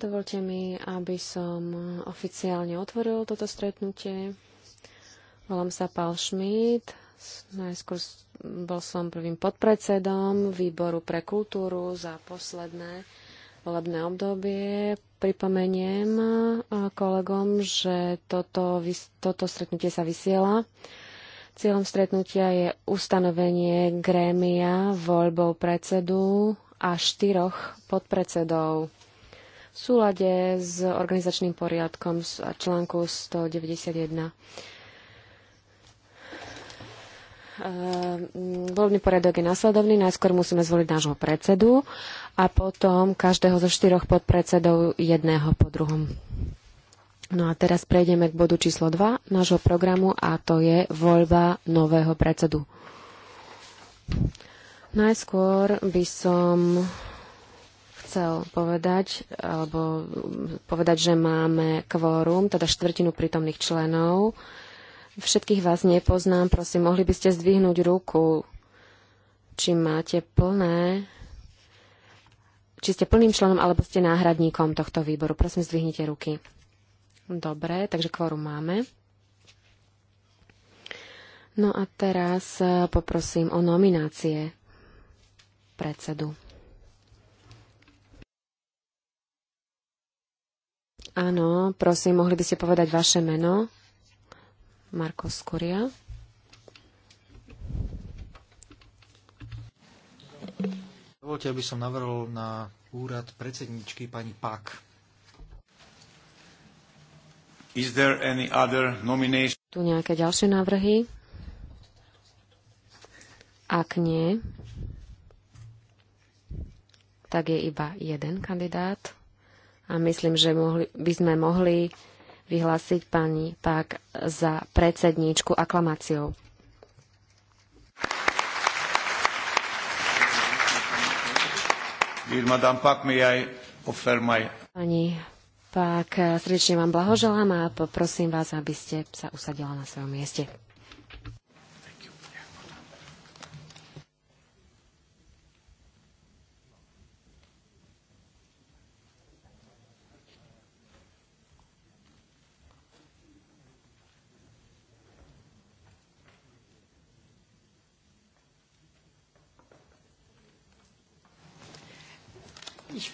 Dovolte mi, aby som oficiálne otvoril toto stretnutie. Volám sa Paul Schmidt. Najskôr bol som prvým podpredsedom výboru pre kultúru za posledné volebné obdobie. Pripomeniem kolegom, že toto, toto stretnutie sa vysiela. Cieľom stretnutia je ustanovenie grémia voľbou predsedu a štyroch podpredsedov v súlade s organizačným poriadkom z článku 191. Ehm, volebný poriadok je následovný. Najskôr musíme zvoliť nášho predsedu a potom každého zo štyroch podpredsedov jedného po druhom. No a teraz prejdeme k bodu číslo 2 nášho programu a to je voľba nového predsedu. Najskôr by som chcel povedať, alebo povedať, že máme kvórum, teda štvrtinu prítomných členov. Všetkých vás nepoznám, prosím, mohli by ste zdvihnúť ruku, či máte plné, či ste plným členom, alebo ste náhradníkom tohto výboru. Prosím, zdvihnite ruky. Dobre, takže kvórum máme. No a teraz eh, poprosím o nominácie predsedu. Áno, prosím, mohli by ste povedať vaše meno? Marko Skuria. Dovolte, aby som navrhol na úrad predsedničky pani Pak. Is there any other nomination? Tu nejaké ďalšie návrhy? Ak nie, tak je iba jeden kandidát a myslím, že mohli, by sme mohli vyhlásiť pani Pak za predsedníčku aklamáciou. Pani Pak, srdečne vám blahoželám a poprosím vás, aby ste sa usadila na svojom mieste.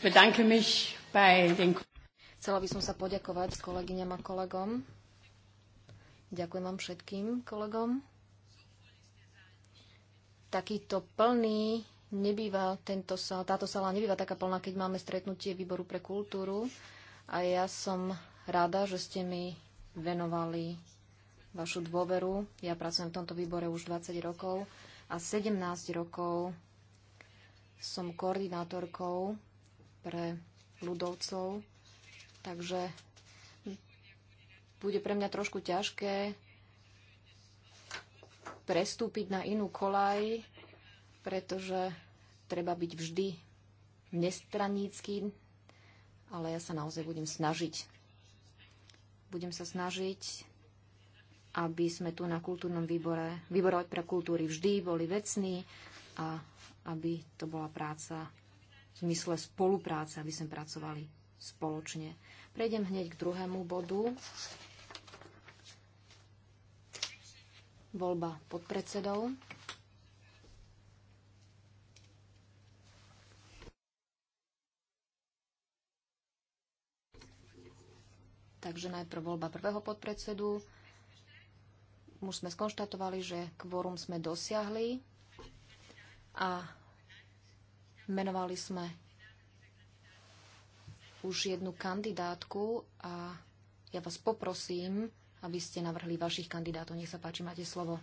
bedanke mich bei den... Chcela by som sa poďakovať kolegyňam a kolegom. Ďakujem vám všetkým kolegom. Takýto plný nebýva tento sal. táto sala nebýva taká plná, keď máme stretnutie výboru pre kultúru. A ja som rada, že ste mi venovali vašu dôveru. Ja pracujem v tomto výbore už 20 rokov a 17 rokov som koordinátorkou pre ľudovcov. Takže bude pre mňa trošku ťažké prestúpiť na inú kolaj, pretože treba byť vždy nestranícky, ale ja sa naozaj budem snažiť. Budem sa snažiť, aby sme tu na kultúrnom výbore, výbore pre kultúry vždy boli vecní a aby to bola práca v zmysle spolupráce, aby sme pracovali spoločne. Prejdem hneď k druhému bodu. Voľba podpredsedov. Takže najprv voľba prvého podpredsedu. Už sme skonštatovali, že kvorum sme dosiahli a Menovali sme už jednu kandidátku a ja vás poprosím, aby ste navrhli vašich kandidátov. Nech sa páči, máte slovo.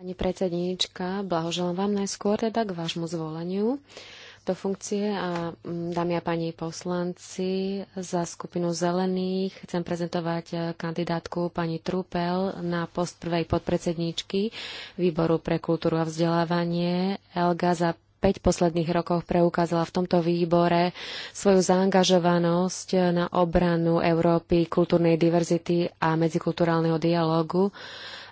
Pani predsedníčka, blahoželám vám najskôr teda k vášmu zvoleniu do funkcie a mm, dámy a pani poslanci za skupinu zelených chcem prezentovať e, kandidátku pani Trupel na post prvej podpredsedníčky Výboru pre kultúru a vzdelávanie Elga za posledných rokoch preukázala v tomto výbore svoju zaangažovanosť na obranu Európy, kultúrnej diverzity a medzikulturálneho dialogu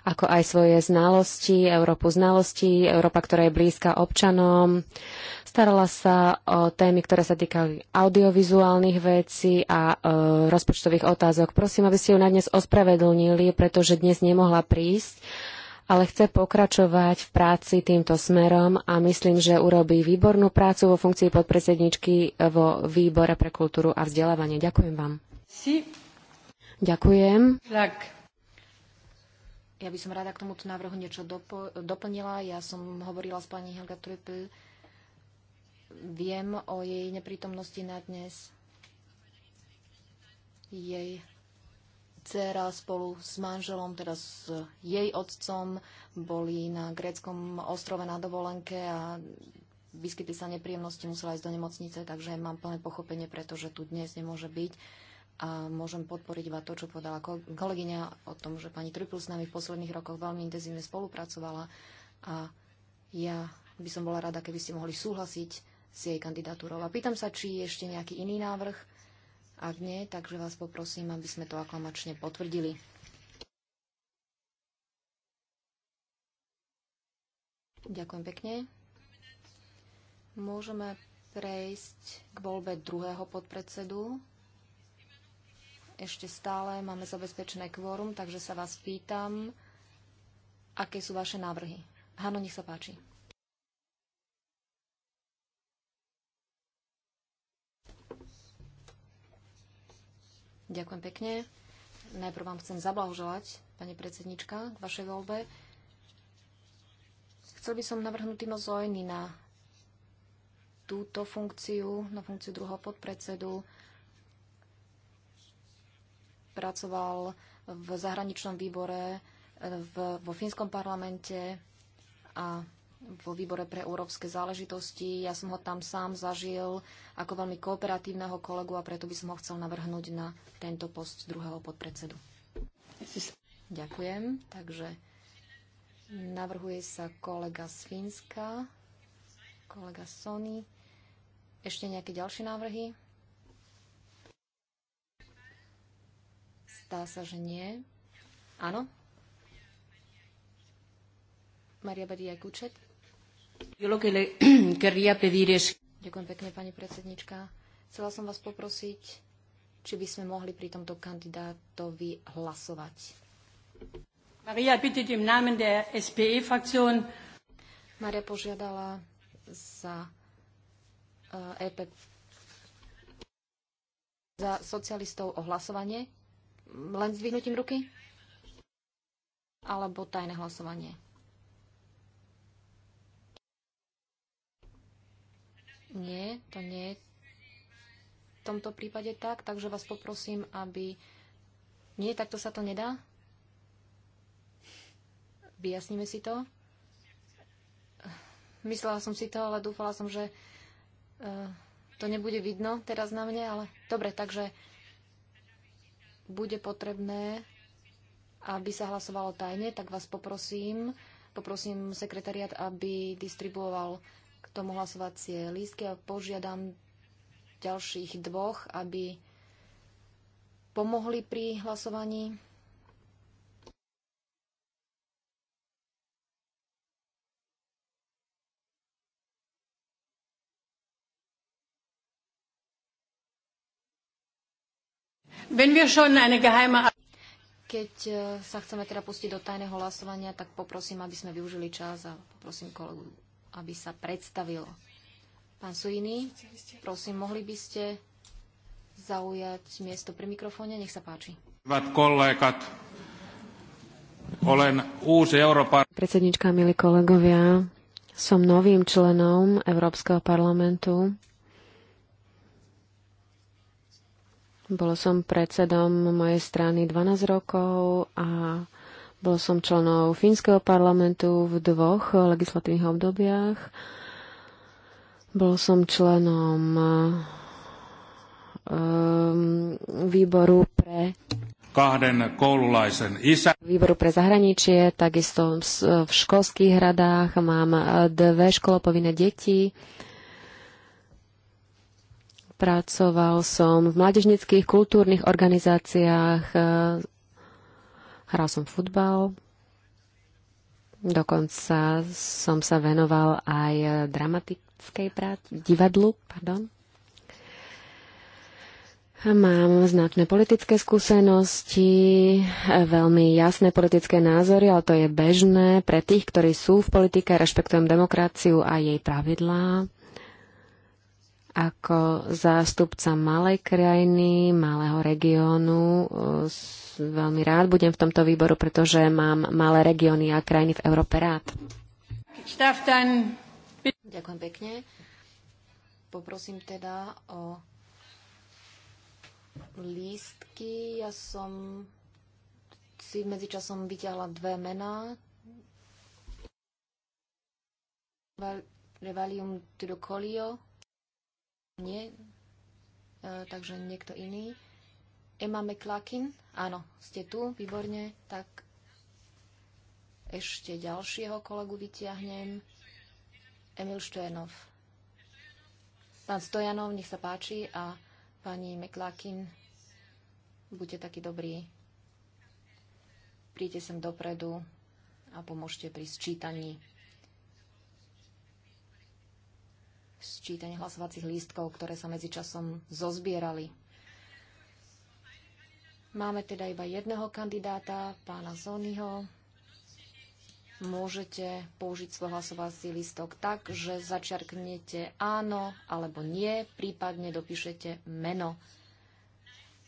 ako aj svoje znalosti, Európu znalosti, Európa, ktorá je blízka občanom. Starala sa o témy, ktoré sa týkali audiovizuálnych vecí a e, rozpočtových otázok. Prosím, aby ste ju na dnes ospravedlnili, pretože dnes nemohla prísť ale chce pokračovať v práci týmto smerom a myslím, že urobí výbornú prácu vo funkcii podpredsedničky vo výbore pre kultúru a vzdelávanie. Ďakujem vám. Si. Ďakujem. Tak. Ja by som rada k tomuto návrhu niečo dopo- doplnila. Ja som hovorila s pani Helga Trüppel. Viem o jej neprítomnosti na dnes. Jej dcera spolu s manželom, teda s jej otcom, boli na gréckom ostrove na dovolenke a vyskytli sa nepríjemnosti, musela ísť do nemocnice, takže mám plné pochopenie, pretože tu dnes nemôže byť a môžem podporiť iba to, čo povedala kolegyňa o tom, že pani Tripl s nami v posledných rokoch veľmi intenzívne spolupracovala a ja by som bola rada, keby ste mohli súhlasiť s jej kandidatúrou. A pýtam sa, či je ešte nejaký iný návrh ak nie, takže vás poprosím, aby sme to aklamačne potvrdili. Ďakujem pekne. Môžeme prejsť k voľbe druhého podpredsedu. Ešte stále máme zabezpečené kvórum, takže sa vás pýtam, aké sú vaše návrhy. Hano, nech sa páči. Ďakujem pekne. Najprv vám chcem zablahoželať, pani predsednička, k vašej voľbe. Chcel by som navrhnúť Timo Zojny na túto funkciu, na funkciu druhého podpredsedu. Pracoval v zahraničnom výbore v, vo fínskom parlamente a vo výbore pre európske záležitosti. Ja som ho tam sám zažil ako veľmi kooperatívneho kolegu a preto by som ho chcel navrhnúť na tento post druhého podpredsedu. Ďakujem. Takže navrhuje sa kolega z Fínska, kolega Sony. Ešte nejaké ďalšie návrhy? Zdá sa, že nie. Áno, Maria Badia Kučet. Ďakujem pekne, pani predsednička. Chcela som vás poprosiť, či by sme mohli pri tomto kandidátovi hlasovať. Maria, bitte im Namen der SPE-Fraktion. Maria požiadala za EP. Eh, e za socialistov o hlasovanie? Len vyhnutím ruky? Alebo tajné hlasovanie? Nie, to nie je v tomto prípade tak, takže vás poprosím, aby... Nie, takto sa to nedá? Vyjasníme si to? Myslela som si to, ale dúfala som, že uh, to nebude vidno teraz na mne, ale dobre, takže bude potrebné, aby sa hlasovalo tajne, tak vás poprosím, poprosím sekretariat, aby distribuoval tomu hlasovacie lístky a požiadam ďalších dvoch, aby pomohli pri hlasovaní. Keď eh, sa chceme teda pustiť do tajného hlasovania, tak poprosím, aby sme využili čas a poprosím kolegu aby sa predstavilo. Pán Suini, prosím, mohli by ste zaujať miesto pri mikrofóne? Nech sa páči. Predsednička, milí kolegovia, som novým členom Európskeho parlamentu. Bolo som predsedom mojej strany 12 rokov a bol som členom Fínskeho parlamentu v dvoch legislatívnych obdobiach. Bol som členom um, výboru pre kahden koululaisen isä. Výboru pre zahraničie, takisto v školských radách mám e, dve školopovinné deti. Pracoval som v mládežnických kultúrnych organizáciách e, Hral som futbal, dokonca som sa venoval aj dramatickej práci, divadlu, pardon. Mám značné politické skúsenosti, veľmi jasné politické názory, ale to je bežné pre tých, ktorí sú v politike, rešpektujem demokraciu a jej pravidlá ako zástupca malej krajiny, malého regiónu. Veľmi rád budem v tomto výboru, pretože mám malé regióny a krajiny v Európe rád. Ďakujem pekne. Poprosím teda o lístky. Ja som si medzičasom vyťahla dve mená. Revalium Tudokolio. Nie. E, takže niekto iný. Emma McLakin. Áno, ste tu, výborne. Tak ešte ďalšieho kolegu vytiahnem. Emil Štojanov. Pán Stojanov, nech sa páči a pani McLakin, buďte takí dobrí. Príďte sem dopredu a pomôžte pri sčítaní. sčítanie hlasovacích lístkov, ktoré sa medzičasom zozbierali. Máme teda iba jedného kandidáta, pána Zonyho. Môžete použiť svoj hlasovací listok tak, že začiarknete áno alebo nie, prípadne dopíšete meno.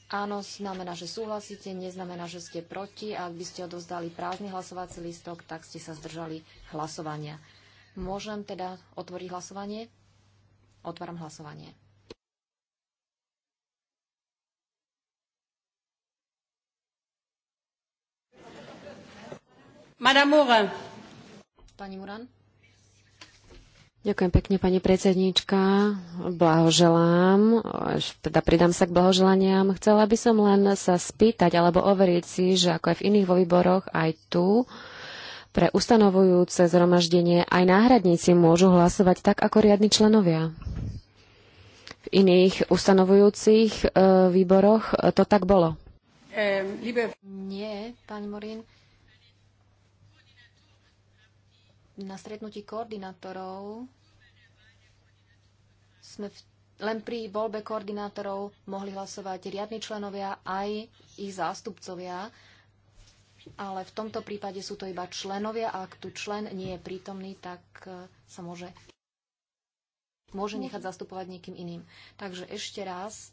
Áno znamená, že súhlasíte, neznamená, že ste proti a ak by ste odovzdali prázdny hlasovací listok, tak ste sa zdržali hlasovania. Môžem teda otvoriť hlasovanie? Otváram hlasovanie. Madame Mourin. Pani Muran. Ďakujem pekne, pani predsedníčka. Blahoželám. Teda pridám sa k blahoželaniam. Chcela by som len sa spýtať alebo overiť si, že ako aj v iných vo výboroch, aj tu, uh, pre ustanovujúce zhromaždenie aj náhradníci môžu hlasovať tak ako riadni členovia. V iných ustanovujúcich e, výboroch to tak bolo. Nie, pani Morin. Na stretnutí koordinátorov sme v, len pri voľbe koordinátorov mohli hlasovať riadni členovia aj ich zástupcovia ale v tomto prípade sú to iba členovia a ak tu člen nie je prítomný, tak e, sa môže, môže nechať zastupovať niekým iným. Takže ešte raz.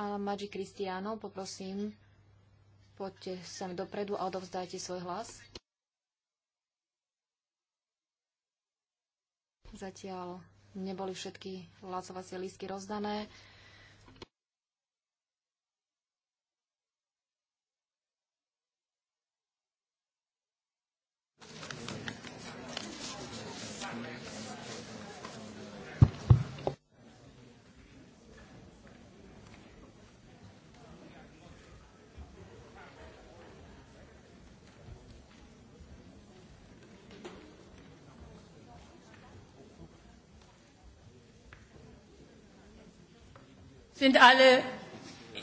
A Maggi Cristiano, poprosím, poďte sem dopredu a odovzdajte svoj hlas. Zatiaľ neboli všetky hlasovacie lístky rozdané. Sind alle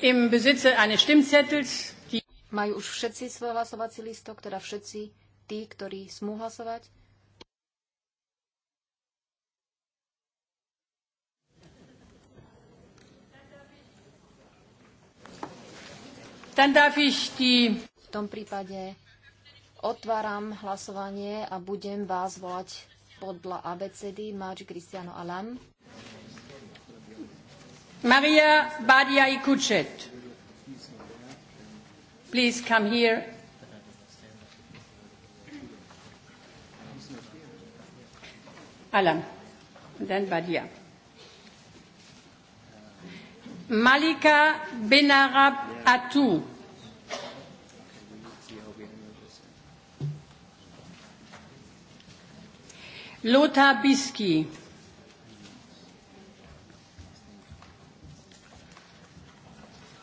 im Besitze eines Stimmzettels? Die... Majú už všetci svoj hlasovací listok, teda všetci tí, ktorí smú hlasovať? Dann darf ich die... V tom prípade otváram hlasovanie a budem vás volať podľa ABCD Máč Kristiano Alam. Maria Badia Ikuchet. Please come here. Alan, and then Badia. Malika Benarab Atu. Lothar Biski.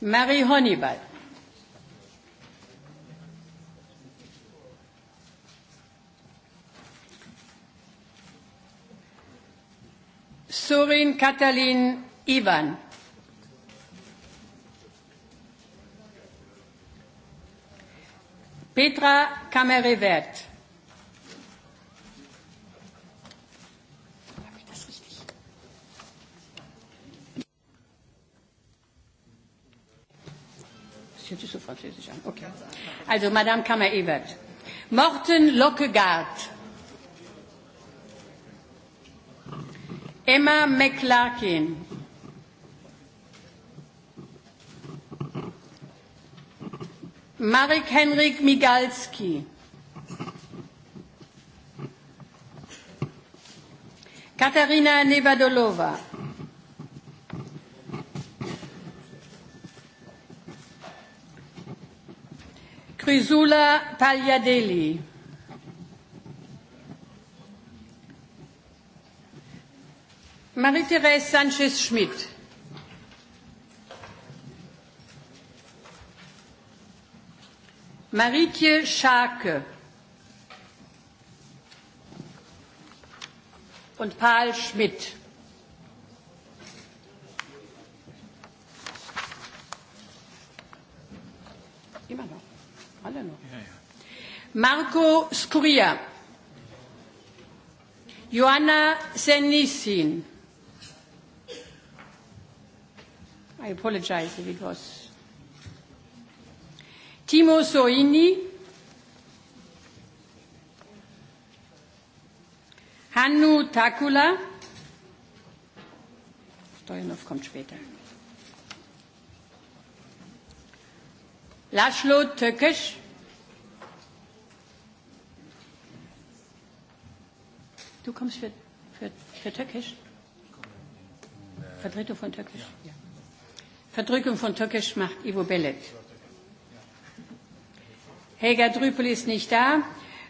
Marie Honeyball. Surin Katalin Ivan. Petra Kamerevert. Französisch an. Okay. Also, Madame Kammer-Ebert. Morten Lockegaard. Emma McClarkin. Marek Henrik Migalski. Katarina Nevadolova. Frisula Pagliadelli. Marie-Thérèse Sanchez-Schmidt. Marieke Schake. Und Paul Schmidt. alle noch. Marco Scuria. Joanna Senissin. I apologize if it was. Timo Soini, Hannu Takula, Stojanov kommt später. Laszlo Tökös. Du kommst für, für, für Türkisch? Vertretung von Türkisch. Ja. Verdrückung von Türkisch macht Ivo Bellet. Helga Drüpel ist nicht da.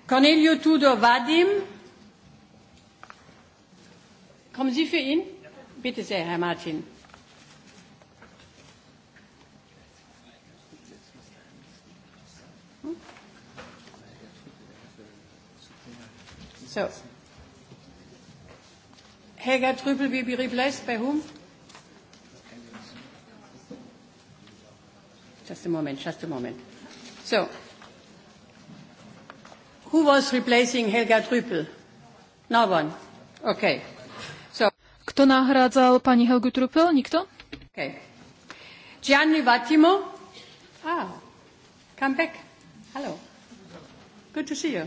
Cornelio Tudor Vadim. Kommen Sie für ihn? Bitte sehr, Herr Martin. So. Helga Trübel, will be replaced by whom? Just a moment, just a moment. So, who was replacing Helga Trübel? No one. Okay. So. Kto nahrádzal pani Helgu Trübel? Nikto? Okay. Gianni Vattimo. Ah, come back. Hello. Good to see you.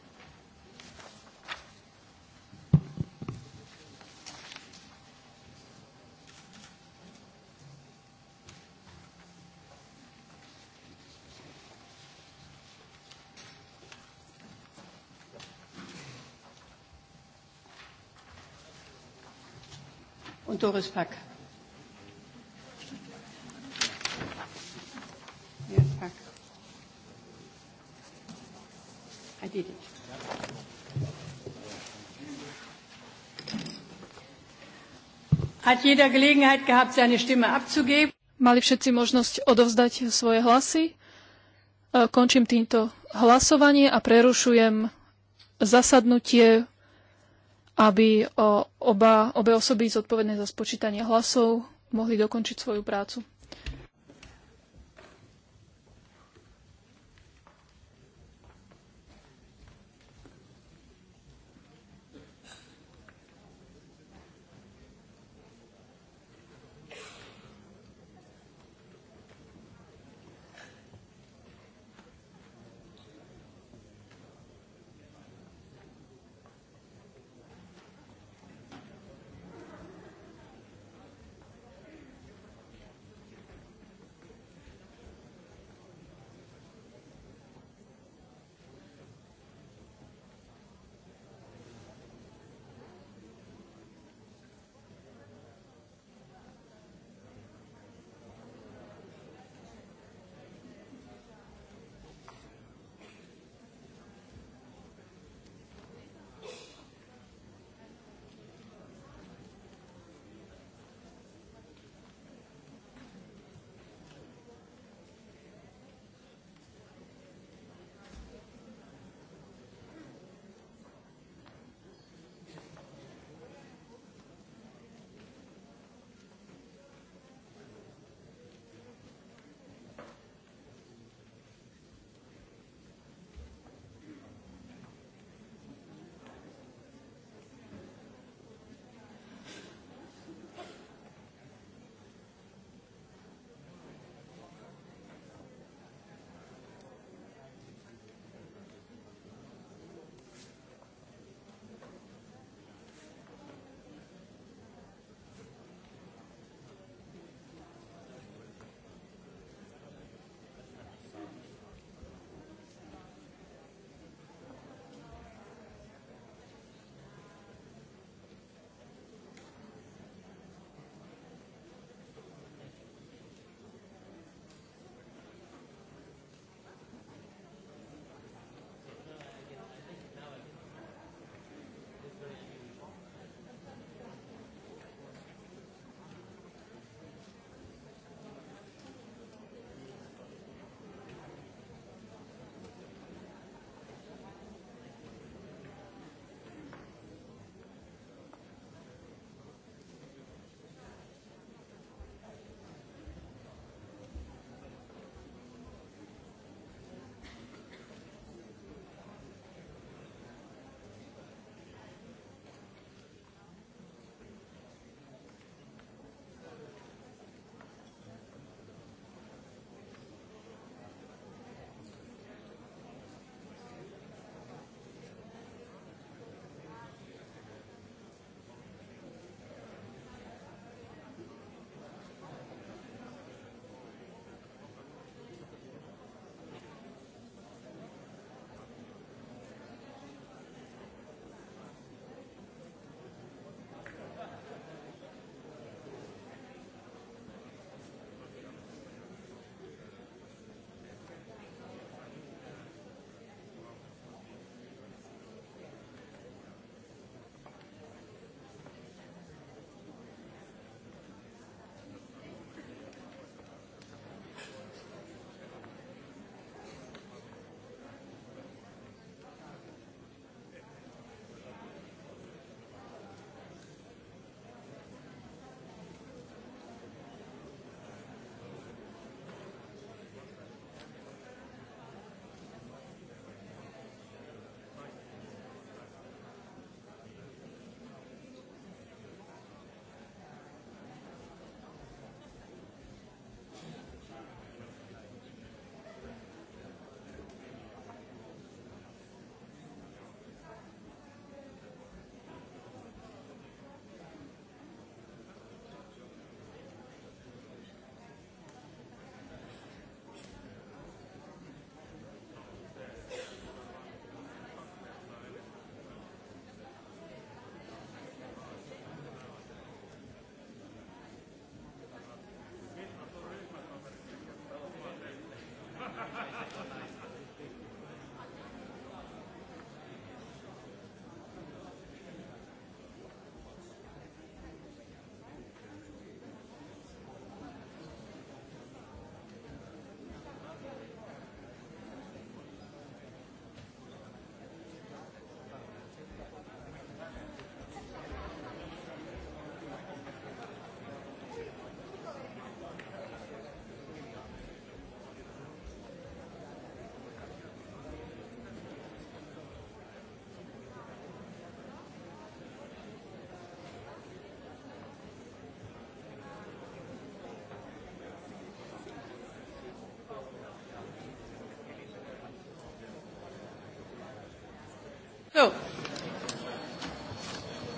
Doris Pack. Yes, Pack. I did it. Hat jeder Gelegenheit gehabt, seine Stimme abzugeben? Mali všetci možnosť odovzdať svoje hlasy. E, končím týmto hlasovanie a prerušujem zasadnutie aby oba, obe osoby zodpovedné za spočítanie hlasov mohli dokončiť svoju prácu.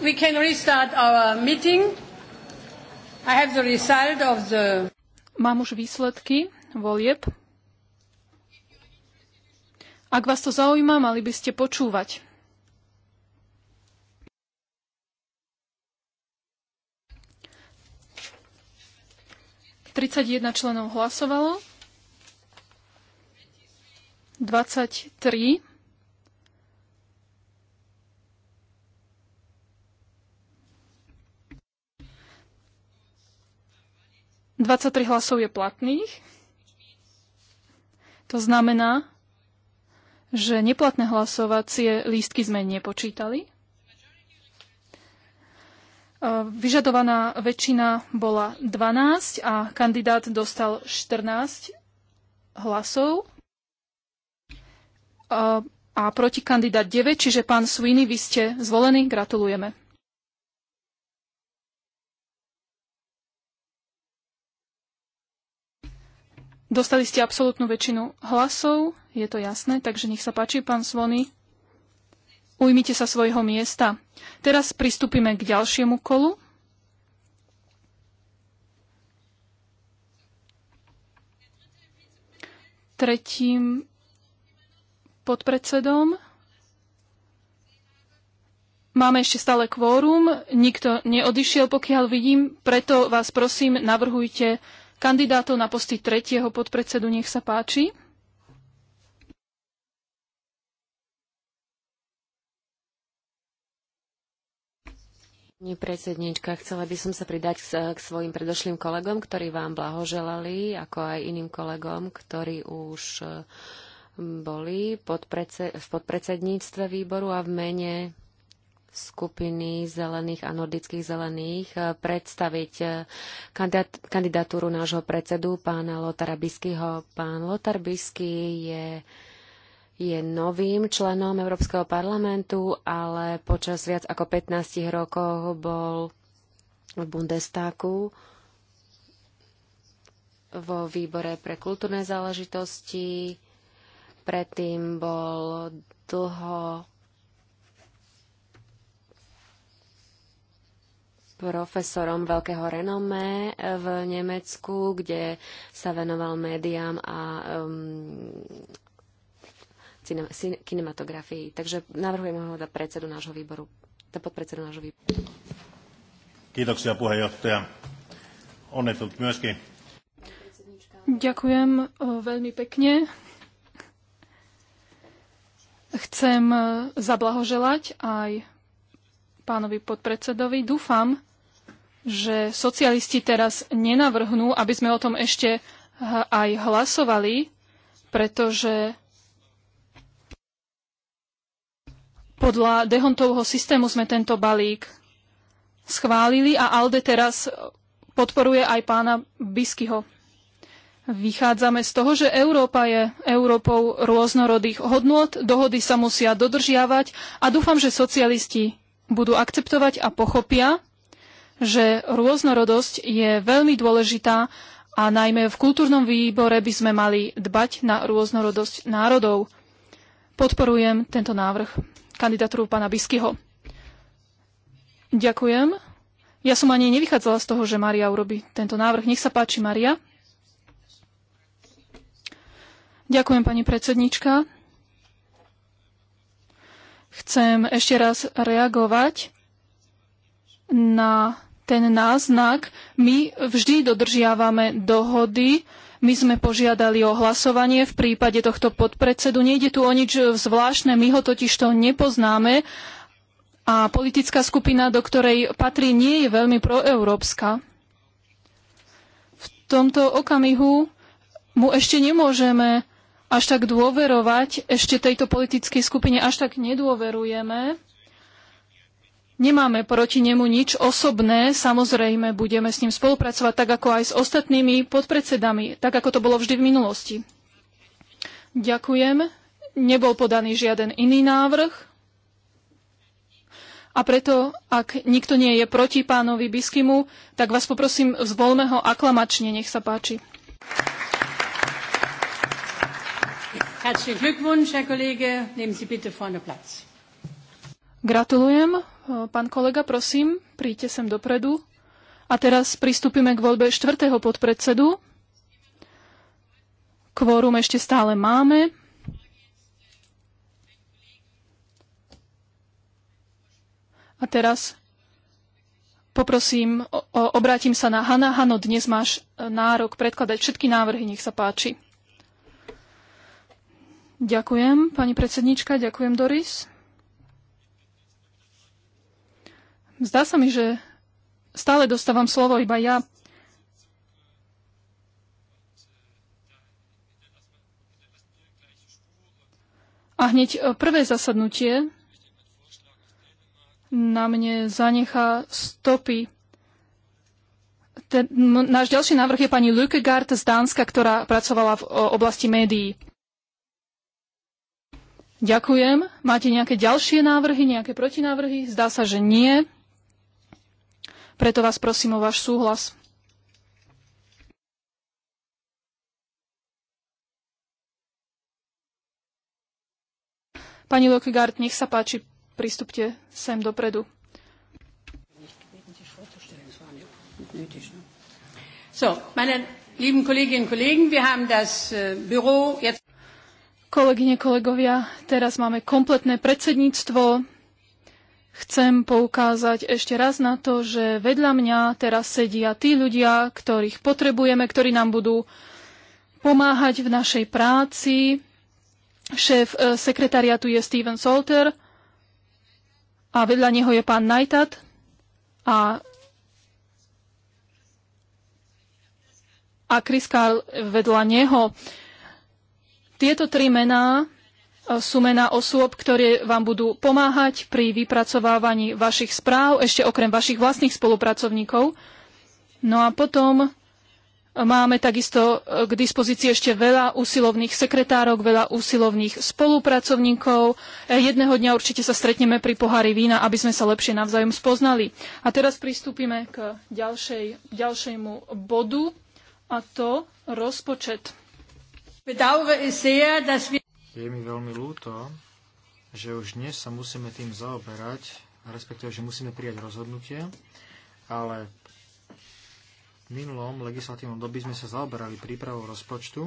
we can restart our meeting. I have the result of the... Mám už výsledky volieb. Ak vás to zaujíma, mali by ste počúvať. Tridsať jedna členov hlasovalo, tri 23 hlasov je platných. To znamená, že neplatné hlasovacie lístky sme nepočítali. E, vyžadovaná väčšina bola 12 a kandidát dostal 14 hlasov e, a proti kandidát 9, čiže pán Sweeney, vy ste zvolení, gratulujeme. Dostali ste absolútnu väčšinu hlasov, je to jasné, takže nech sa páči, pán Svony. Ujmite sa svojho miesta. Teraz pristúpime k ďalšiemu kolu. Tretím podpredsedom Máme ešte stále kvórum, nikto neodišiel, pokiaľ vidím, preto vás prosím, navrhujte kandidátov na posty tretieho podpredsedu. Nech sa páči. Pani predsednička, chcela by som sa pridať k, svojim predošlým kolegom, ktorí vám blahoželali, ako aj iným kolegom, ktorí už boli v podpredsedníctve výboru a v mene skupiny zelených a nordických zelených eh, predstaviť eh, kandidatúru nášho predsedu, pána Lotara Biskyho. Pán Lotar Bisky je, je novým členom Európskeho parlamentu, ale počas viac ako 15 rokov bol v Bundestagu vo výbore pre kultúrne záležitosti. Predtým bol dlho profesorom veľkého renomé v Nemecku, kde sa venoval médiám a um, kinematografii. Takže navrhujem ho na predsedu nášho výboru, na podpredsedu nášho výboru. Kiitoksia puheenjohtaja. Onnetut myöskin. Ďakujem eh, veľmi pekne. Chcem eh, zablahoželať aj pánovi podpredsedovi. Dúfam, že socialisti teraz nenavrhnú, aby sme o tom ešte aj hlasovali, pretože podľa Dehontovho systému sme tento balík schválili a ALDE teraz podporuje aj pána Biskyho. Vychádzame z toho, že Európa je Európou rôznorodých hodnot, dohody sa musia dodržiavať a dúfam, že socialisti budú akceptovať a pochopia, že rôznorodosť je veľmi dôležitá a najmä v kultúrnom výbore by sme mali dbať na rôznorodosť národov. Podporujem tento návrh kandidatúru pána Biskyho. Ďakujem. Ja som ani nevychádzala z toho, že Maria urobí tento návrh. Nech sa páči, Maria. Ďakujem, pani predsednička. Chcem ešte raz reagovať na ten náznak. My vždy dodržiavame dohody. My sme požiadali o hlasovanie v prípade tohto podpredsedu. Nejde tu o nič zvláštne, my ho totiž to nepoznáme a politická skupina, do ktorej patrí, nie je veľmi proeurópska. V tomto okamihu mu ešte nemôžeme až tak dôverovať, ešte tejto politickej skupine až tak nedôverujeme. Nemáme proti nemu nič osobné, samozrejme budeme s ním spolupracovať tak ako aj s ostatnými podpredsedami, tak ako to bolo vždy v minulosti. Ďakujem. Nebol podaný žiaden iný návrh. A preto, ak nikto nie je proti pánovi Biskimu, tak vás poprosím, zvolme ho aklamačne, nech sa páči. Herzlichen Glückwunsch, Herr Kollege. Nehmen Sie bitte vorne Platz. Gratulujem. E, Pán kolega, prosím, príďte sem dopredu. A teraz pristúpime k voľbe štvrtého podpredsedu. Kvórum ešte stále máme. A teraz poprosím, o, o, obrátim sa na Hana. Hano, dnes máš e, nárok predkladať všetky návrhy, nech sa páči. Ďakujem, pani predsednička, ďakujem, Doris. Zdá sa mi, že stále dostávam slovo iba ja. A hneď e, prvé zasadnutie na mne zanechá stopy. Ten, náš ďalší návrh je pani Lukegaard z Dánska, ktorá pracovala v o, oblasti médií. Ďakujem. Máte nejaké ďalšie návrhy, nejaké protinávrhy? Zdá sa, že nie. Preto vás prosím o váš súhlas. Pani Lokigard, nech sa páči, pristúpte sem dopredu. So, meine lieben Kolleginnen und Kollegen, wir haben das äh, Büro jetzt Kolegyne, kolegovia, teraz máme kompletné predsedníctvo. Chcem poukázať ešte raz na to, že vedľa mňa teraz sedia tí ľudia, ktorých potrebujeme, ktorí nám budú pomáhať v našej práci. Šéf e, sekretariatu je Steven Salter a vedľa neho je pán Najtad. a a Chris Carl vedľa neho. Tieto tri mená E, sumena osôb, ktoré vám budú pomáhať pri vypracovávaní vašich správ, ešte okrem vašich vlastných spolupracovníkov. No a potom e, máme takisto e, k dispozícii ešte veľa usilovných sekretárok, veľa usilovných spolupracovníkov. Jedného dňa určite sa stretneme pri pohári vína, aby sme sa lepšie navzájom spoznali. A teraz pristúpime k ďalšej, ďalšejmu bodu, a to rozpočet. Bedauere ist sehr, dass wir je mi veľmi ľúto, že už dnes sa musíme tým zaoberať, respektíve, že musíme prijať rozhodnutie, ale v minulom legislatívnom dobi sme sa zaoberali prípravou rozpočtu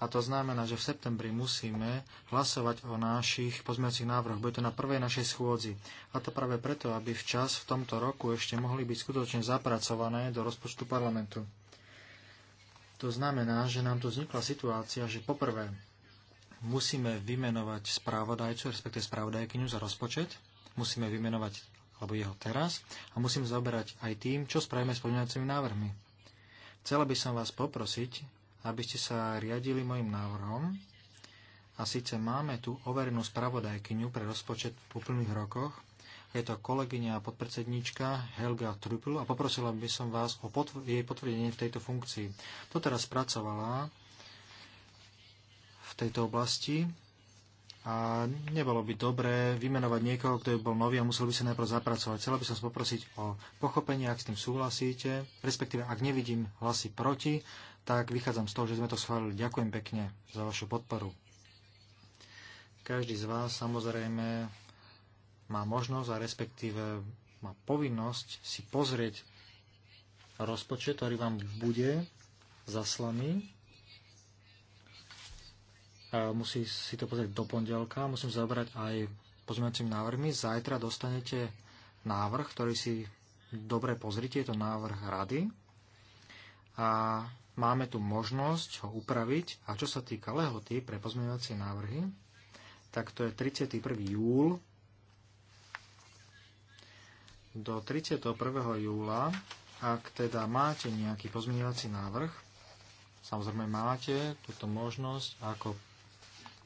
a to znamená, že v septembri musíme hlasovať o našich pozmeňujúcich návrhoch. Bude to na prvej našej schôdzi. A to práve preto, aby včas v tomto roku ešte mohli byť skutočne zapracované do rozpočtu parlamentu. To znamená, že nám tu vznikla situácia, že poprvé musíme vymenovať správodajcu, respektive správodajkyňu za rozpočet. Musíme vymenovať alebo jeho teraz a musíme zaoberať aj tým, čo spravíme s pozmeňovacími návrhmi. Chcela by som vás poprosiť, aby ste sa riadili mojim návrhom a síce máme tu overenú spravodajkyňu pre rozpočet v úplných rokoch. Je to kolegyňa a podpredsedníčka Helga Trupl a poprosila by som vás o potv- jej potvrdenie v tejto funkcii. To teraz spracovala v tejto oblasti a nebolo by dobré vymenovať niekoho, kto by bol nový a musel by sa najprv zapracovať. Chcela by som poprosiť o pochopenie, ak s tým súhlasíte, respektíve ak nevidím hlasy proti, tak vychádzam z toho, že sme to schválili. Ďakujem pekne za vašu podporu. Každý z vás samozrejme má možnosť a respektíve má povinnosť si pozrieť rozpočet, ktorý vám bude zaslaný musí si to pozrieť do pondelka, musím zabrať aj pozmeňujúcimi návrhmi. Zajtra dostanete návrh, ktorý si dobre pozrite, je to návrh rady a máme tu možnosť ho upraviť a čo sa týka lehoty pre pozmeňovacie návrhy, tak to je 31. júl do 31. júla, ak teda máte nejaký pozmeňovací návrh, samozrejme máte túto možnosť ako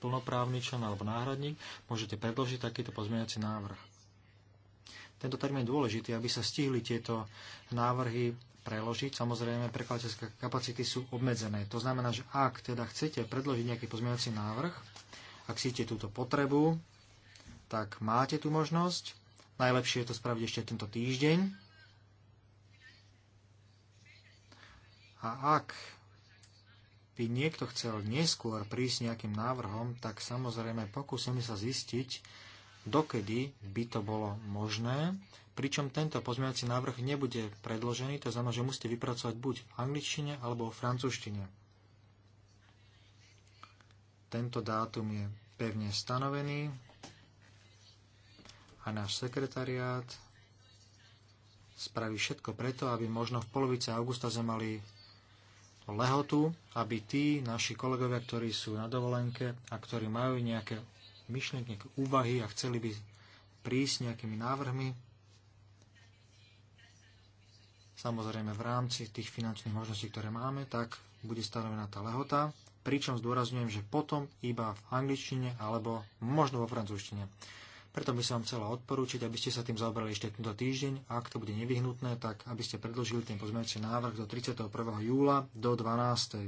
plnoprávny člen alebo náhradník, môžete predložiť takýto pozmeňovací návrh. Tento termín je dôležitý, aby sa stihli tieto návrhy preložiť. Samozrejme, prekladateľské kapacity sú obmedzené. To znamená, že ak teda chcete predložiť nejaký pozmeňovací návrh, ak cítite túto potrebu, tak máte tú možnosť. Najlepšie je to spraviť ešte tento týždeň. A ak by niekto chcel neskôr prísť nejakým návrhom, tak samozrejme pokúsime sa zistiť, dokedy by to bolo možné, pričom tento pozmeňovací návrh nebude predložený, to znamená, že musíte vypracovať buď v angličtine alebo v francúzštine. Tento dátum je pevne stanovený a náš sekretariát spraví všetko preto, aby možno v polovici augusta sme mali lehotu, aby tí naši kolegovia, ktorí sú na dovolenke a ktorí majú nejaké myšlienky, nejaké úvahy a chceli by prísť nejakými návrhmi, samozrejme v rámci tých finančných možností, ktoré máme, tak bude stanovená tá lehota, pričom zdôrazňujem, že potom iba v angličtine alebo možno vo francúzštine. Preto by som chcela odporúčiť, aby ste sa tým zaobrali ešte tento týždeň a ak to bude nevyhnutné, tak aby ste predložili ten pozmeňujúci návrh do 31. júla do 12.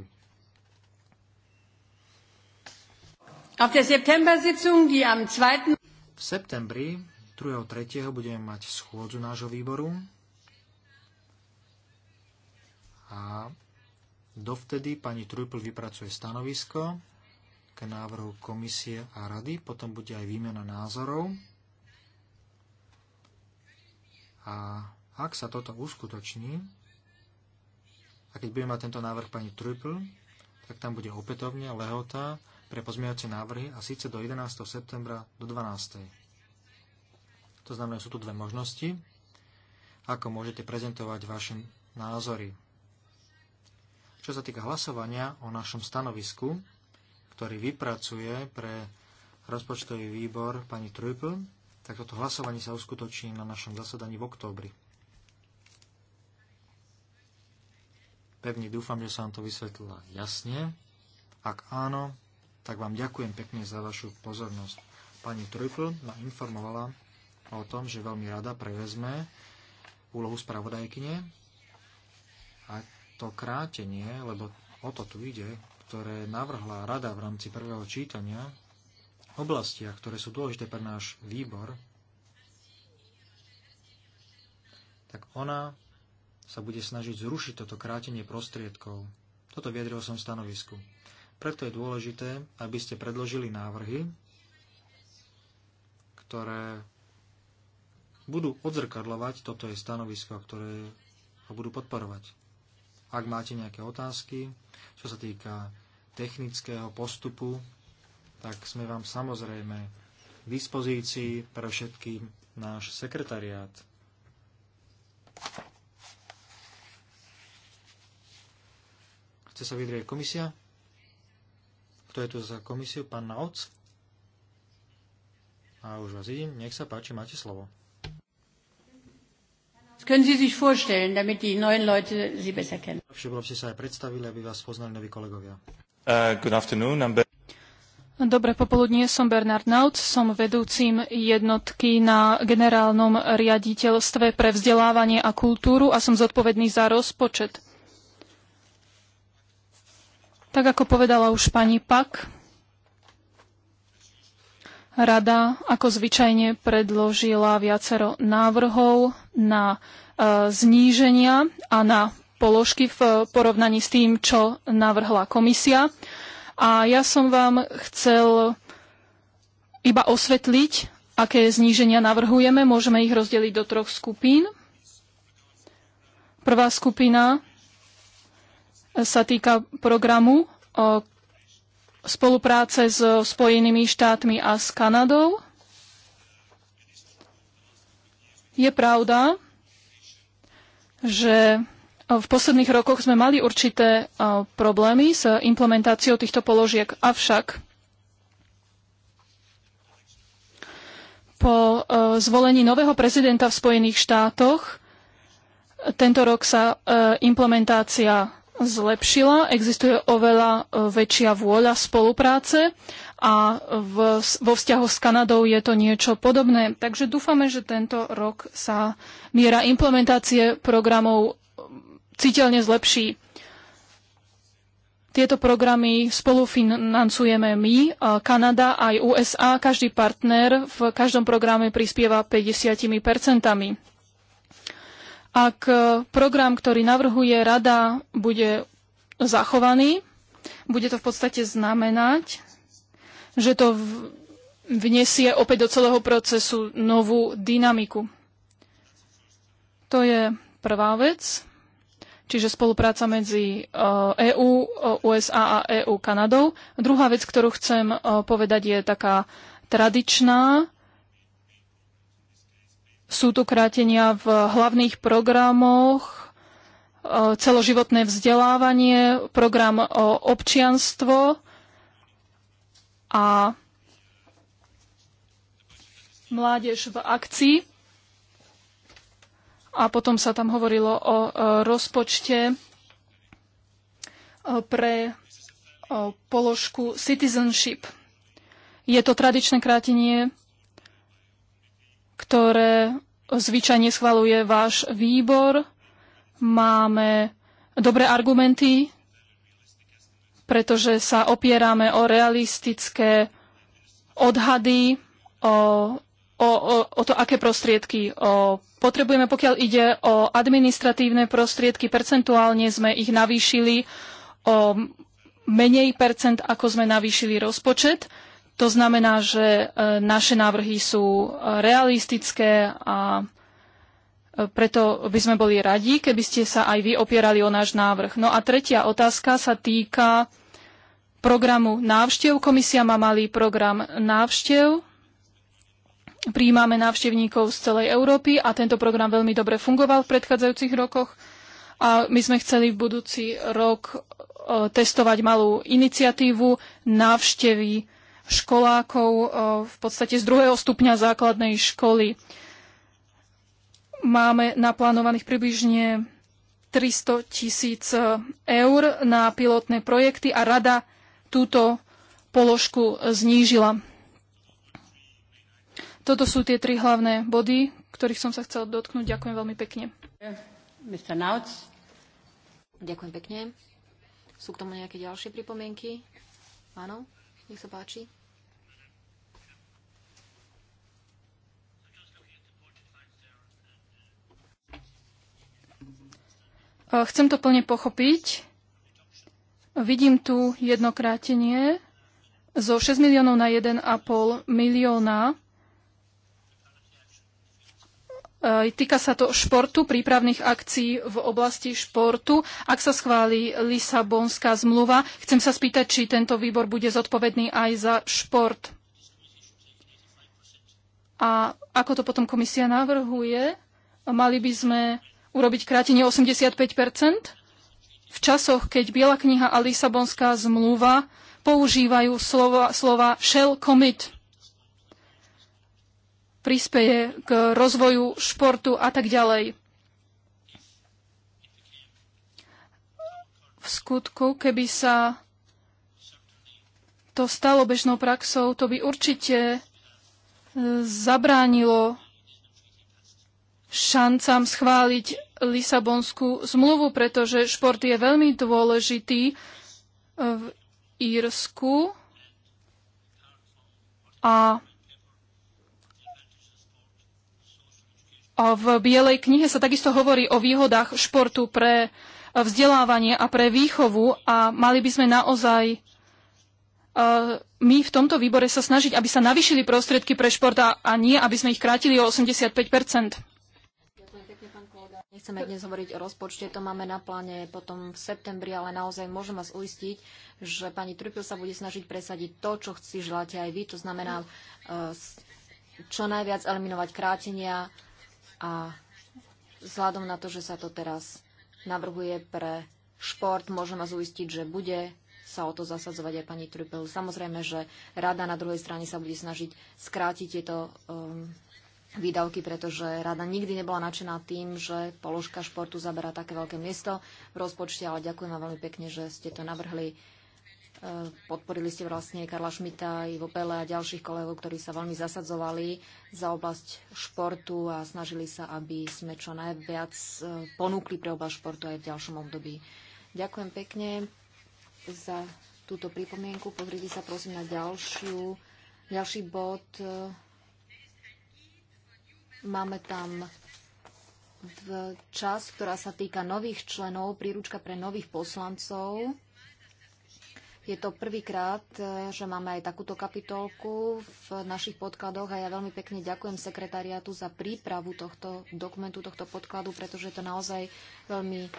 V septembri 2. 3. budeme mať schôdzu nášho výboru a dovtedy pani Trujpl vypracuje stanovisko k návrhu komisie a rady, potom bude aj výmena názorov. A ak sa toto uskutoční, a keď budeme mať tento návrh pani Triple, tak tam bude opätovne lehota pre pozmeňovacie návrhy a síce do 11. septembra do 12. To znamená, sú tu dve možnosti, ako môžete prezentovať vaše názory. Čo sa týka hlasovania o našom stanovisku, ktorý vypracuje pre rozpočtový výbor pani Trüppel, tak toto hlasovanie sa uskutoční na našom zasadaní v októbri. Pevne dúfam, že sa vám to vysvetlila jasne. Ak áno, tak vám ďakujem pekne za vašu pozornosť. Pani Trüppel ma informovala o tom, že veľmi rada prevezme úlohu spravodajkyne a to krátenie, lebo o to tu ide, ktoré navrhla Rada v rámci prvého čítania, oblastiach, ktoré sú dôležité pre náš výbor, tak ona sa bude snažiť zrušiť toto krátenie prostriedkov. Toto vyjadril som v stanovisku. Preto je dôležité, aby ste predložili návrhy, ktoré budú odzrkadľovať toto je stanovisko, ktoré ho budú podporovať ak máte nejaké otázky, čo sa týka technického postupu, tak sme vám samozrejme k dispozícii pre všetky náš sekretariát. Chce sa vydrieť komisia? Kto je tu za komisiu? Pán Naoc? A už vás idem. Nech sa páči, máte slovo. Das können Sie sich vorstellen, damit die neuen Leute Sie besser kennen. Všetko ste sa aj uh, good afternoon, I'm Dobré popoludnie, som Bernard Naut, som vedúcim jednotky na generálnom riaditeľstve pre vzdelávanie a kultúru a som zodpovedný za rozpočet. Tak ako povedala už pani Pak, Rada, ako zvyčajne, predložila viacero návrhov na e, zníženia a na položky v porovnaní s tým, čo navrhla komisia. A ja som vám chcel iba osvetliť, aké zníženia navrhujeme. Môžeme ich rozdeliť do troch skupín. Prvá skupina sa týka programu, spolupráce s Spojenými štátmi a s Kanadou. Je pravda, že v posledných rokoch sme mali určité problémy s implementáciou týchto položiek, avšak po zvolení nového prezidenta v Spojených štátoch tento rok sa implementácia zlepšila. Existuje oveľa e, väčšia vôľa spolupráce a v, vo vzťahu s Kanadou je to niečo podobné. Takže dúfame, že tento rok sa miera implementácie programov e, citeľne zlepší. Tieto programy spolufinancujeme my, e, Kanada aj USA. Každý partner v každom programe prispieva 50 percentami. Ak e, program, ktorý navrhuje rada, bude zachovaný, bude to v podstate znamenať, že to vniesie opäť do celého procesu novú dynamiku. To je prvá vec, čiže spolupráca medzi EÚ, e USA a EÚ Kanadou. Druhá vec, ktorú chcem e, povedať, je taká tradičná, sú tu krátenia v hlavných programoch, e, celoživotné vzdelávanie, program o občianstvo a mládež v akcii. A potom sa tam hovorilo o e, rozpočte e, pre položku citizenship. Je to tradičné krátenie ktoré zvyčajne schvaluje váš výbor. Máme dobré argumenty, pretože sa opierame o realistické odhady, o, o, o, o to, aké prostriedky o, potrebujeme. Pokiaľ ide o administratívne prostriedky, percentuálne sme ich navýšili o menej percent, ako sme navýšili rozpočet. To znamená, že e, naše návrhy sú e, realistické a e, preto by sme boli radi, keby ste sa aj vy opierali o náš návrh. No a tretia otázka sa týka programu návštev. Komisia má malý program návštev. Príjmame návštevníkov z celej Európy a tento program veľmi dobre fungoval v predchádzajúcich rokoch. A my sme chceli v budúci rok testovať malú iniciatívu návštevy školákov v podstate z druhého stupňa základnej školy. Máme naplánovaných približne 300 tisíc e, eur na pilotné projekty a rada túto položku znížila. Toto sú tie tri hlavné body, ktorých som sa chcel dotknúť. Ďakujem veľmi pekne. Ďakujem pekne. Sú k tomu nejaké ďalšie pripomienky? Áno, nech sa páči. Eh, chcem to plne pochopiť. Vidím tu jedno krátenie zo 6 miliónov na 1,5 milióna. Eh, týka sa to športu, prípravných akcií v oblasti športu. Ak sa schváli Lisabonská zmluva, chcem sa spýtať, či tento výbor bude zodpovedný aj za šport. A ako to potom komisia navrhuje, mali by sme urobiť krátenie 85 v časoch, keď Biela kniha a Lisabonská zmluva používajú slova, slova shall commit. Prispeje k rozvoju športu a tak ďalej. V skutku, keby sa to stalo bežnou praxou, to by určite e, zabránilo šancám schváliť Lisabonskú zmluvu, pretože šport je veľmi dôležitý v Írsku a v Bielej knihe sa takisto hovorí o výhodách športu pre vzdelávanie a pre výchovu a mali by sme naozaj e, my v tomto výbore sa snažiť, aby sa navyšili prostriedky pre šport a, a nie, aby sme ich krátili o 85 Nechceme dnes hovoriť o rozpočte, to máme na pláne potom v septembri, ale naozaj môžem vás uistiť, že pani Trupil sa bude snažiť presadiť to, čo si želáte aj vy, to znamená mhm. eh, čo najviac eliminovať krátenia a vzhľadom na to, že sa to teraz navrhuje pre šport, môžem vás uistiť, že bude sa o to zasadzovať aj pani Trupil. Samozrejme, že rada na druhej strane sa bude snažiť skrátiť tieto um, výdavky, pretože rada nikdy nebola nadšená tým, že položka športu zaberá také veľké miesto v rozpočte, ale ďakujem vám veľmi pekne, že ste to navrhli. E, podporili ste vlastne Karla Šmita, Ivo Pele a ďalších kolegov, ktorí sa veľmi zasadzovali za oblasť športu a snažili sa, aby sme čo najviac e, ponúkli pre oblasť športu aj v ďalšom období. Ďakujem pekne za túto pripomienku. Pozrite sa prosím na ďalšiu, ďalší bod e, Máme tam v čas, ktorá sa týka nových členov, príručka pre nových poslancov. Je to prvýkrát, že máme aj takúto kapitolku v našich podkladoch a ja veľmi pekne ďakujem sekretariátu za prípravu tohto dokumentu, tohto podkladu, pretože je to naozaj veľmi e,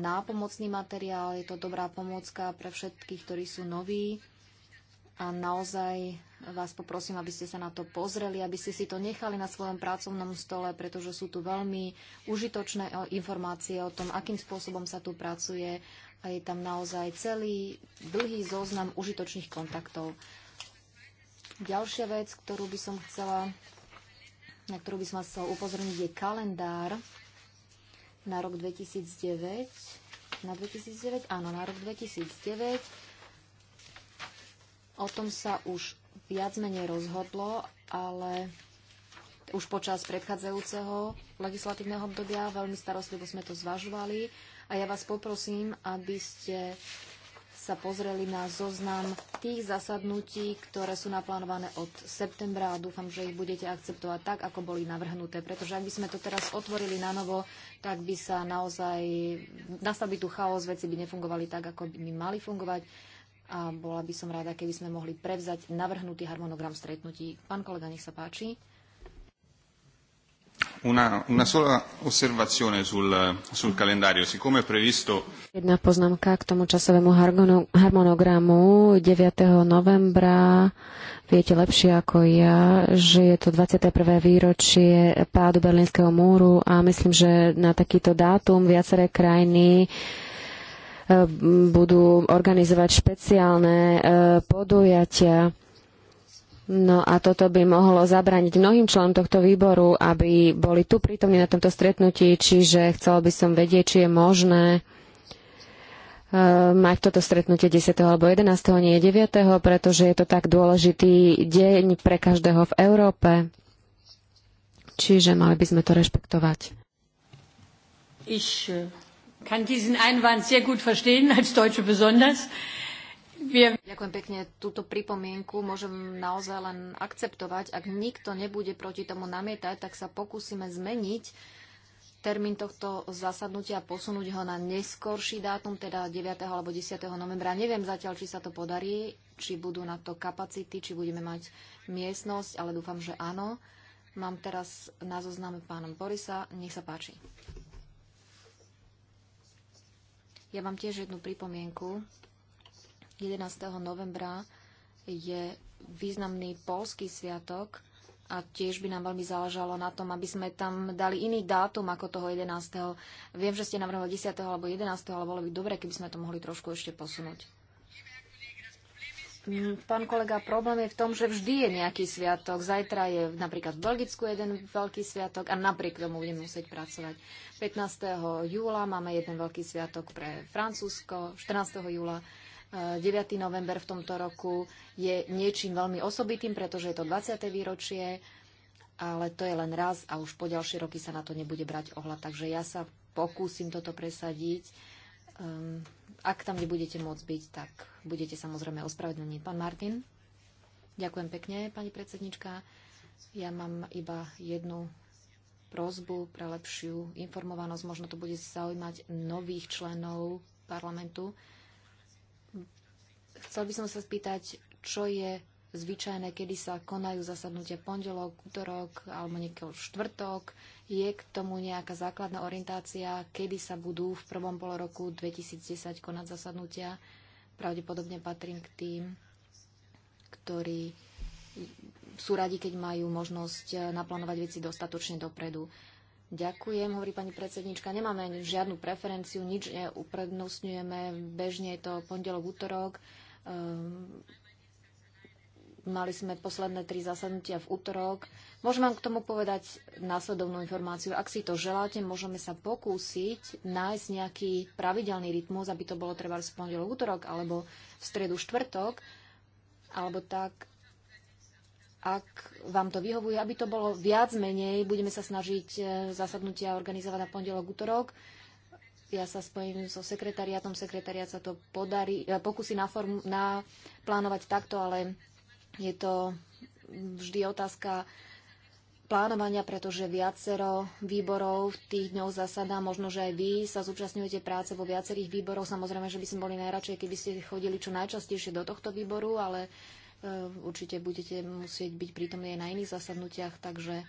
nápomocný materiál, je to dobrá pomocka pre všetkých, ktorí sú noví a naozaj vás poprosím, aby ste sa na to pozreli, aby ste si to nechali na svojom pracovnom stole, pretože sú tu veľmi užitočné informácie o tom, akým spôsobom sa tu pracuje a je tam naozaj celý dlhý zoznam užitočných kontaktov. Ďalšia vec, ktorú by som chcela, na ktorú by som vás chcela upozorniť, je kalendár na rok 2009. Na 2009? Áno, na rok 2009. O tom sa už viac menej rozhodlo, ale už počas predchádzajúceho legislatívneho obdobia veľmi starostlivo sme to zvažovali a ja vás poprosím, aby ste sa pozreli na zoznam tých zasadnutí, ktoré sú naplánované od septembra a dúfam, že ich budete akceptovať tak, ako boli navrhnuté. Pretože ak by sme to teraz otvorili na novo, tak by sa naozaj nastal by tu chaos, veci by nefungovali tak, ako by mali fungovať a bola by som rada, keby sme mohli prevzať navrhnutý harmonogram stretnutí. Pán kolega, nech sa páči. Una, una sola osservazione sul, sul calendario. Siccome è previsto... Jedna poznámka k tomu časovému harmonogramu 9. novembra. Viete lepšie ako ja, že je to 21. výročie pádu Berlínskeho múru a myslím, že na takýto dátum viaceré krajiny uh, budú organizovať špeciálne e, podujatia. No a toto by mohlo zabrániť mnohým členom tohto výboru, aby boli tu prítomní na tomto stretnutí, čiže chcel by som vedieť, či je možné e, mať toto stretnutie 10. alebo 11. nie 9., pretože je to tak dôležitý deň pre každého v Európe. Čiže mali by sme to rešpektovať. Ich kann diesen Einwand sehr gut verstehen, als Deutsche besonders. Wir Ďakujem pekne. Túto pripomienku môžem naozaj len akceptovať. Ak nikto nebude proti tomu namietať, tak sa pokúsime zmeniť termín tohto zasadnutia a posunúť ho na neskorší dátum, teda 9. alebo 10. novembra. Neviem zatiaľ, či sa to podarí, či budú na to kapacity, či budeme mať miestnosť, ale dúfam, že áno. Mám teraz na zozname pánom Borisa. Nech sa páči. Ja mám tiež jednu pripomienku. 11. novembra je významný polský sviatok a tiež by nám veľmi záležalo na tom, aby sme tam dali iný dátum ako toho 11. Viem, že ste navrhovali 10. alebo 11. ale bolo by dobre, keby sme to mohli trošku ešte posunúť. Mm, pán kolega, problém je v tom, že vždy je nejaký sviatok. Zajtra je napríklad v Belgicku jeden veľký sviatok a napriek tomu budeme musieť pracovať. 15. júla máme jeden veľký sviatok pre Francúzsko, 14. júla 9. E, november v tomto roku je niečím veľmi osobitým, pretože je to 20. výročie, ale to je len raz a už po ďalšie roky sa na to nebude brať ohľad. Takže ja sa pokúsim toto presadiť. Um, ak tam nebudete môcť byť, tak budete samozrejme ospravedlení. Pán Martin, ďakujem pekne, pani predsednička. Ja mám iba jednu prozbu pre lepšiu informovanosť. Možno to bude zaujímať nových členov parlamentu. Chcel by som sa spýtať, čo je zvyčajné, kedy sa konajú zasadnutia pondelok, útorok alebo niekoho štvrtok. Je k tomu nejaká základná orientácia, kedy sa budú v prvom poloroku 2010 konať zasadnutia. Pravdepodobne patrím k tým, ktorí sú radi, keď majú možnosť eh, naplánovať veci dostatočne dopredu. Ďakujem, hovorí pani predsednička. Nemáme žiadnu preferenciu, nič neuprednostňujeme. Bežne je to pondelok, útorok. Um, Mali sme posledné tri zasadnutia v útorok. Môžem vám k tomu povedať následovnú informáciu. Ak si to želáte, môžeme sa pokúsiť nájsť nejaký pravidelný rytmus, aby to bolo treba v pondelok útorok, alebo v stredu štvrtok, alebo tak, ak vám to vyhovuje, aby to bolo viac menej. Budeme sa snažiť e, zasadnutia organizovať na pondelok útorok ja sa spojím so sekretariatom, sekretariat sa to podarí, e, pokusí naform, naplánovať takto, ale je to vždy otázka plánovania, pretože viacero výborov v tých dňoch zasadá. Možno, že aj vy sa zúčastňujete práce vo viacerých výboroch. Samozrejme, že by sme boli najradšej, keby ste chodili čo najčastejšie do tohto výboru, ale e, určite budete musieť byť prítomní aj na iných zasadnutiach, takže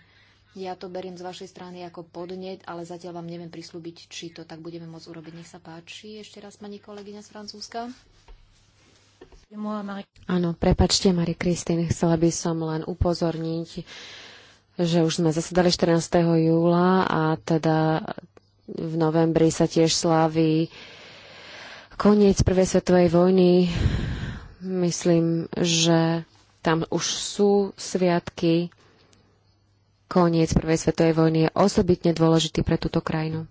ja to beriem z vašej strany ako podneť, ale zatiaľ vám neviem prislúbiť, či to tak budeme môcť urobiť. Nech sa páči. Ešte raz pani kolegyňa z Francúzska. Áno, prepačte, Marie Kristýne, chcela by som len upozorniť, že už sme zasedali 14. júla a teda v novembri sa tiež slaví koniec Prvej svetovej vojny. Myslím, že tam už sú sviatky. Koniec Prvej svetovej vojny je osobitne dôležitý pre túto krajinu.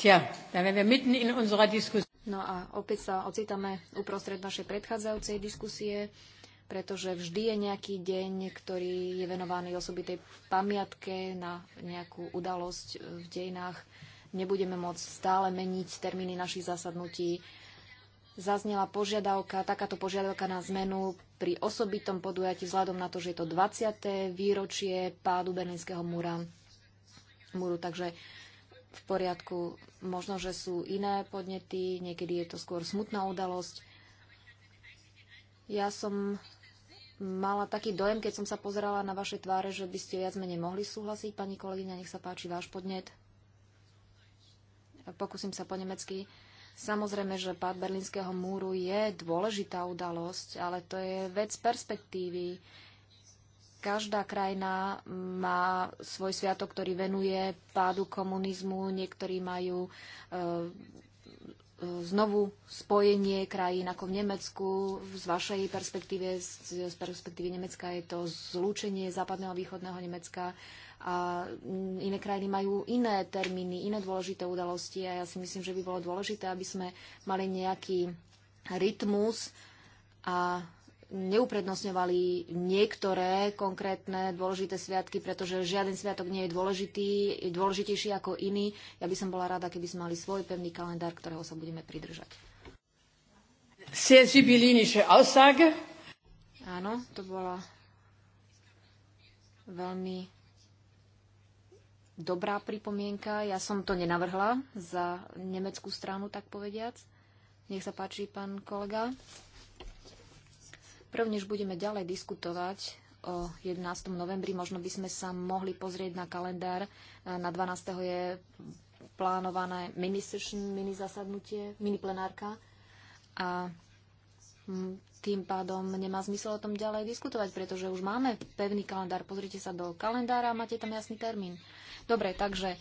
Tja, da wären wir mitten in unserer Diskussion. No a opäť sa ocitame uprostred našej predchádzajúcej diskusie, pretože vždy je nejaký deň, ktorý je venovaný osobitej pamiatke na nejakú udalosť v dejinách. Nebudeme môcť stále meniť termíny našich zasadnutí. Zaznela požiadavka, takáto požiadavka na zmenu pri osobitom podujatí vzhľadom na to, že je to 20. výročie pádu Berlínskeho múra. Múru, takže v poriadku. Možno, že sú iné podnety, niekedy je to skôr smutná udalosť. Ja som mala taký dojem, keď som sa pozerala na vaše tváre, že by ste viac menej mohli súhlasiť. Pani kolegyňa, nech sa páči váš podnet. Pokúsim sa po nemecky. Samozrejme, že pád Berlínskeho múru je dôležitá udalosť, ale to je vec perspektívy. Každá krajina má svoj sviatok, ktorý venuje pádu komunizmu. Niektorí majú e, e, znovu spojenie krajín ako v Nemecku. Z vašej perspektíve, z perspektívy Nemecka je to zlúčenie západného a východného Nemecka a iné krajiny majú iné termíny, iné dôležité udalosti a ja si myslím, že by bolo dôležité, aby sme mali nejaký rytmus a neuprednostňovali niektoré konkrétne dôležité sviatky, pretože žiaden sviatok nie je dôležitý, je dôležitejší ako iný. Ja by som bola rada, keby sme mali svoj pevný kalendár, ktorého sa budeme pridržať. Áno, to bola veľmi dobrá pripomienka. Ja som to nenavrhla za nemeckú stranu, tak povediac. Nech sa páči, pán kolega než budeme ďalej diskutovať o 11. novembri, možno by sme sa mohli pozrieť na kalendár. Na 12. je plánované mini session, mini zasadnutie, mini plenárka. A tým pádom nemá zmysel o tom ďalej diskutovať, pretože už máme pevný kalendár. Pozrite sa do kalendára a máte tam jasný termín. Dobre, takže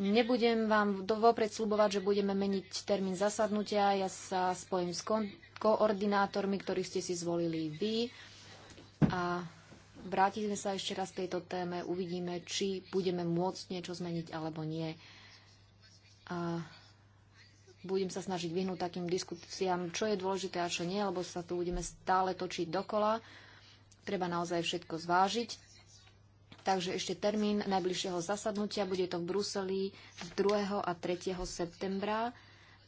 nebudem vám vopred slubovať, že budeme meniť termín zasadnutia. Ja sa spojím s, kon- koordinátormi, ktorí ste si zvolili vy. A vrátime sa ešte raz k tejto téme, uvidíme, či budeme môcť niečo zmeniť alebo nie. A budem sa snažiť vyhnúť takým diskusiám, čo je dôležité a čo nie, lebo sa tu budeme stále točiť dokola. Treba naozaj všetko zvážiť. Takže ešte termín najbližšieho zasadnutia bude to v Bruseli 2. a 3. septembra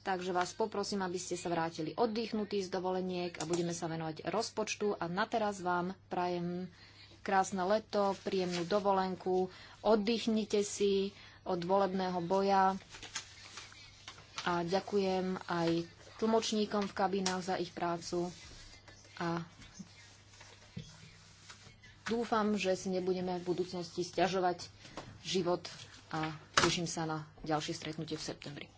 Takže vás poprosím, aby ste sa vrátili oddychnutí z dovoleniek a budeme sa venovať rozpočtu. A na teraz vám prajem krásne leto, príjemnú dovolenku, oddychnite si od volebného boja a ďakujem aj tlmočníkom v kabinách za ich prácu a dúfam, že si nebudeme v budúcnosti stiažovať život a teším sa na ďalšie stretnutie v septembri.